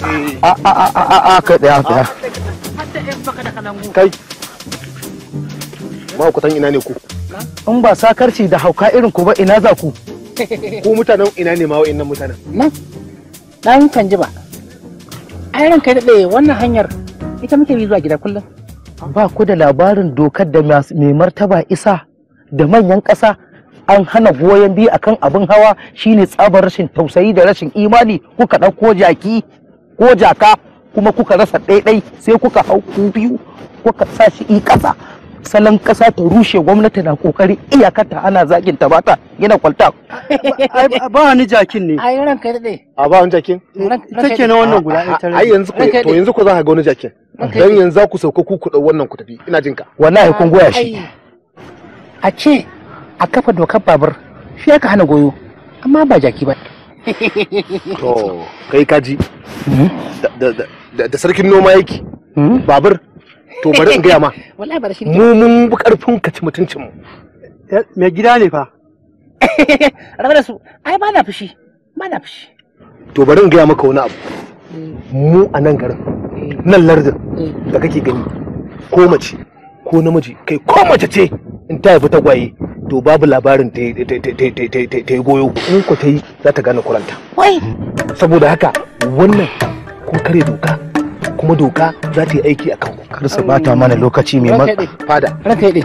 a ah, a ah, a ah, a a kai tsaya tsaya kai ma ku ina ne ku in ba sa sakarci da hauka irin ku ba ina za ku ku mutanen ina ne ma wa'annan mutanen nan dan kan ji ba ai ran kai daɗe wannan hanyar ita muke yi zuwa gida kullum ba ku da labarin dokar da mai martaba isa da manyan ƙasa an hana goyon biyu akan abin hawa shine tsabar rashin tausayi da rashin imani kuka ɗauko jaki ko jaka kuma kuka rasa ɗaiɗai sai kuka hau ku biyu kuka sa shi i ƙasa salon ƙasa ta rushe gwamnati na ƙoƙari ta ana zagin ta bata yana kwalta ba wani jakin ne ai ranka dai a ba wani jakin ita ke wannan guda ita ai yanzu ko to yanzu ku za ka ga wani jakin dan yanzu za ku sauka ku kuɗa wannan ku tafi ina jinka wallahi kun goya shi a ce a kafa dokar babur shi aka hana goyo amma ba jaki ba to kai kaji da sarkin noma yake babur to bari in gaya ma mu mun bi karfin ka ci mutuncin mu mai gida ne fa rabe da su ai ba na fushi ba na fushi to bari in gaya maka wani abu mu a nan garin eh. nan lardin eh. da kake gani ko mace ko namiji kai ko mace ce in ta haifi tagwaye to babu labarin ta yi goyo in ku ta yi za ta gane kuranta saboda haka wannan kun kare doka kuma doka za ta yi aiki a kan kar su bata mana lokaci mai man fada ranka yi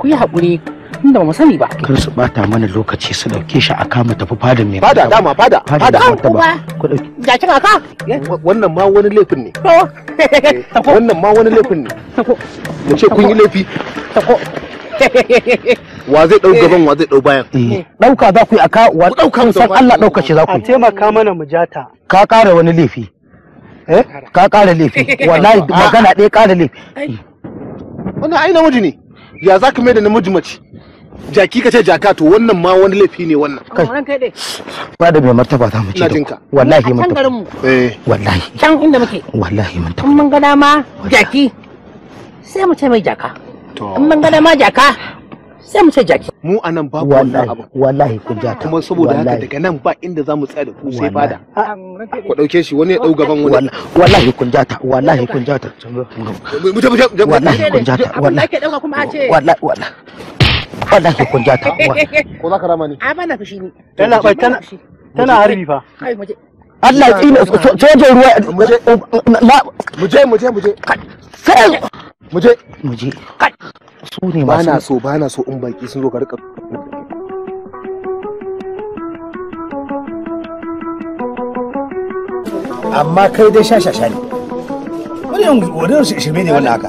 ku yi haƙuri inda ba mu sani ba kar su bata mana lokaci su dauke shi a kama tafi fada mai fada dama fada fada ba ku dauki ga kin aka wannan ma wani laifin ne eh, wannan ma wani laifin ne mu ce kun yi laifi wa zai dau eh. gaban wa zai dau bayan mm. dauka za ku yi aka wa dauka san Allah dauka shi za ku a taimaka mana mu jata ka kare wani laifi eh ka kare laifi wallahi ah. magana ɗaya kare laifi wannan ai namiji ne ya za ka mai da namiji mace jaki ka ce jaka to wannan ma wani laifi ne wannan kai ba da mai martaba za mu da wallahi mun tafi eh. wallahi can inda muke wallahi mun tafi mun ga dama jaki sai mu ce mai jaka in mun ga jaka sai mu ce jaki mu anan babu wannan wallahi ku jaka kuma saboda haka daga nan ba inda zamu mu tsaya da ku sai fada ah. ku dauke shi wani ya dau gaban wani wallahi kun jata wallahi kun jata wallahi kun jata wallahi wallahi wallahi wallahi kun jata ko rama ni a bana fushi ni tana tana tana harbi fa Allah ya ruwa sai muje muje kai su ne masu bana so bana so in baki sun zo ka rika amma kai dai sha sha sha ne wannan wannan shirme ne wannan haka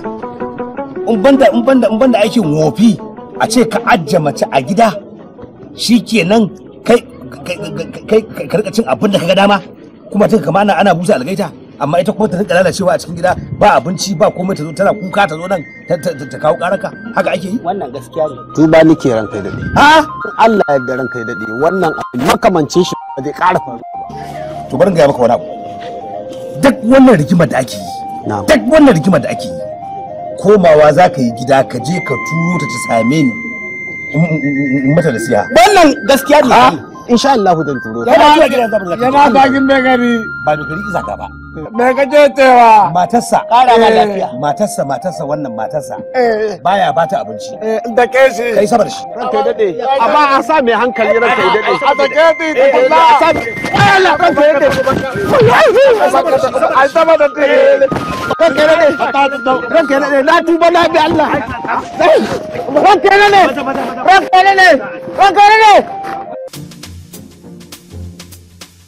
in banda in banda in banda aikin wofi a ce ka ajja mace a gida shikenan kai kai ka kai cin abin da ga dama kuma ta kama ana busa algaita amma ita kuma ta rinka lalacewa a cikin gida ba abinci ba komai ta zo tana kuka ta zo nan ta kawo karaka haka ake yi wannan gaskiya ne tuba nake ranka dade ha Allah ya ran kai dade wannan makamancin shi ba zai ƙara faru. to bari ga maka wani abu duk wannan rigimar da ake yi duk wannan rigimar da ake yi komawa za ka yi gida ka je ka tuta ta same ni in mata da siya wannan gaskiya ne insha Allah zan turo yana bakin mai gari ba mai gari isa ba mai kaje tewa matarsa kara ma lafiya matarsa matarsa wannan matarsa baya ba ta abinci da ke kai sabar shi dade amma a sa mai hankali ranka dade a da ke ti a sa Allah ranka dade ai sama da te ranka dade dade na tuba na bi Allah ranka dade ranka dade ranka dade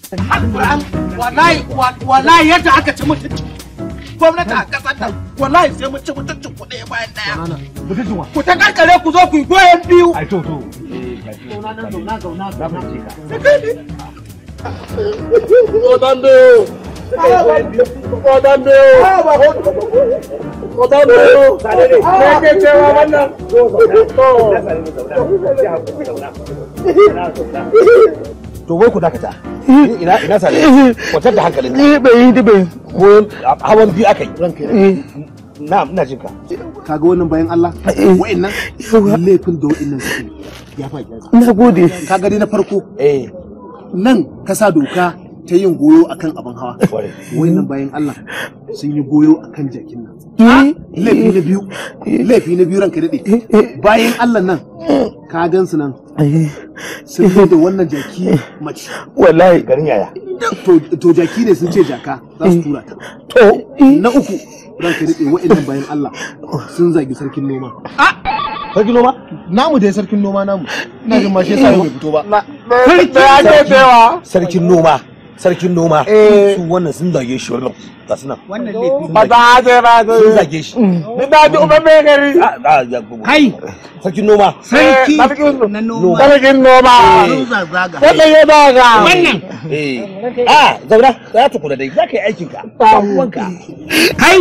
wallahi wallahi yadda aka ci mutunci gwamnati a kasar nan wallahi sai mun ci mutuncin ku bayan ɗaya ku ta karkare ku zo ku yi goyon biyu ai to to to wai ku dakata eh. Eh, ina ina sa eh. kwatar da hankalin ne bai yi bai ko hawan biyu akai ranka na ina jin ka kaga wannan bayan Allah wa'annan laifin da wa'annan suke ya fa na gode kaga dai na farko eh nan ka sa doka ta yin goyo akan abin hawa wa'annan bayan Allah sun yi goyo akan jakin laifi na biyu laifi na biyu ranka daɗe bayan allah nan ka gan su nan sun fi da wannan jaki mace wallahi garin yaya to jaki ne sun ce jaka za su tura ta to na uku ranka daɗe wa'annan bayan allah sun zagi sarkin noma sarkin noma namu dai sarkin noma namu ina jin ma shi yasa fito ba sarkin noma sarkin noma eh. su wannan sun zage shi wannan ga suna ba za ba sun zage shi mm. ni da ji uban mai gari sarkin eh, noma noma sarkin noma eh, wannan ya wannan a za ta kula dai za ka yi aikin ka ba wanka kai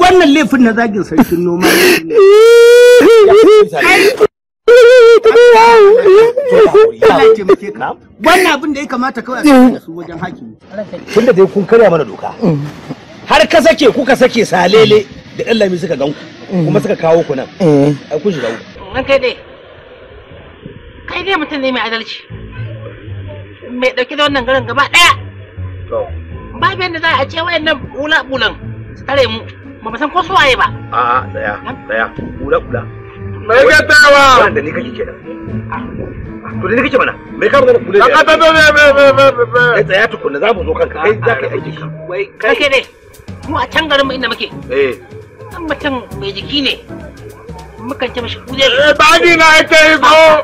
wannan laifin na zagin sarkin noma ya yi wani abin da ya kamata kawai a eh. su wajen hakimi tun da dai kun karya mana doka mm. har ka sake kuka sake salele da ɗan lami suka ganku mm. kuma suka kawo ku nan eh. ai kun shiga nan kai dai kai dai mutum ne mai adalci mai ɗauke da wannan garin gaba daya babu yadda za a ce wayannan bula bulan su tare mu ba san ko su waye ba a'a daya daya bula bula mai gatawa da ni kake kenan ah, to da ni kake mana mai ka magana kule ka ta me me me me me kai tsaya tukunna za mu zo kanka kai za ka yi aiki wai kai ne mu a can garin mu inda muke eh an mutum mai jiki ne mukan ce mashi kuje eh bagi na yake yi ko ah.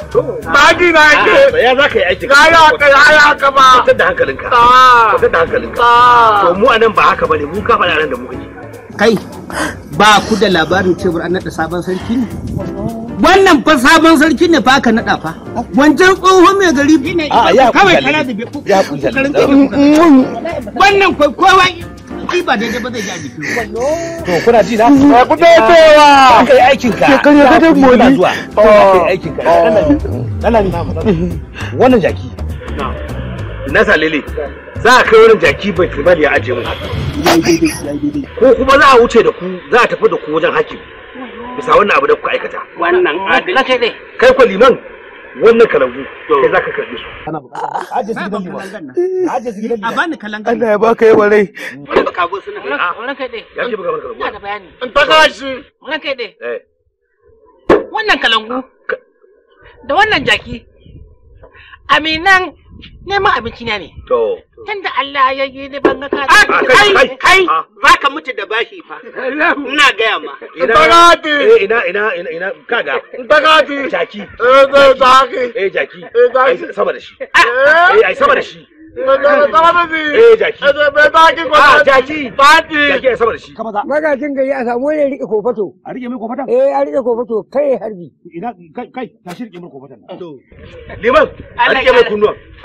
bagi na yake ah, ya za ka yi aiki ka ya ka ya ka ba ka da hankalinka ka da hankalinka to mu anan ba haka bane mu ka fara nan da mu kai ba ku da labarin cewar an naɗa sabon sarki ne wannan fa sabon sarki ne fa aka naɗa fa wancan tsohon mai gari kawai kala da wannan kwa kowa to kuna ji na ku daitowa ka yi aikin ka ka modi aikin ka wannan jaki na salele za a kai wurin jaki bai ya mu ko kuma za a wuce da ku za a tafi da ku wajen hakim bisa wannan abu da kuka aikata wannan adalci ne kai ko liman wannan kalangu kai zaka karbi su ana gidan a bani kalangu Allah ya baka yawa rai baka go suna ah, wannan kai dai ya ce baka bani kalangu da bayani in ta kashi wannan kai dai eh. wannan kalangu da wannan jaki aminan neman abinci na ne. To. Tun da Allah ya yi ni ban ga ka. Kai kai za ka mutu da bashi fa. Ina gaya ma. Bagati. Eh ina ina ina kaga. Bagati. Jaki. Eh jaki. Eh, eh jaki. Eh jaki. Sama da shi. Eh? eh ai sama da shi. Eh, Magajin gari a samu ne rike kofato. A riƙe mai kofatan? Eh, a riƙe kofato kai harbi. Ina kai kai ta shi rike mai kofatan. Liman, a rike mai kunnuwan.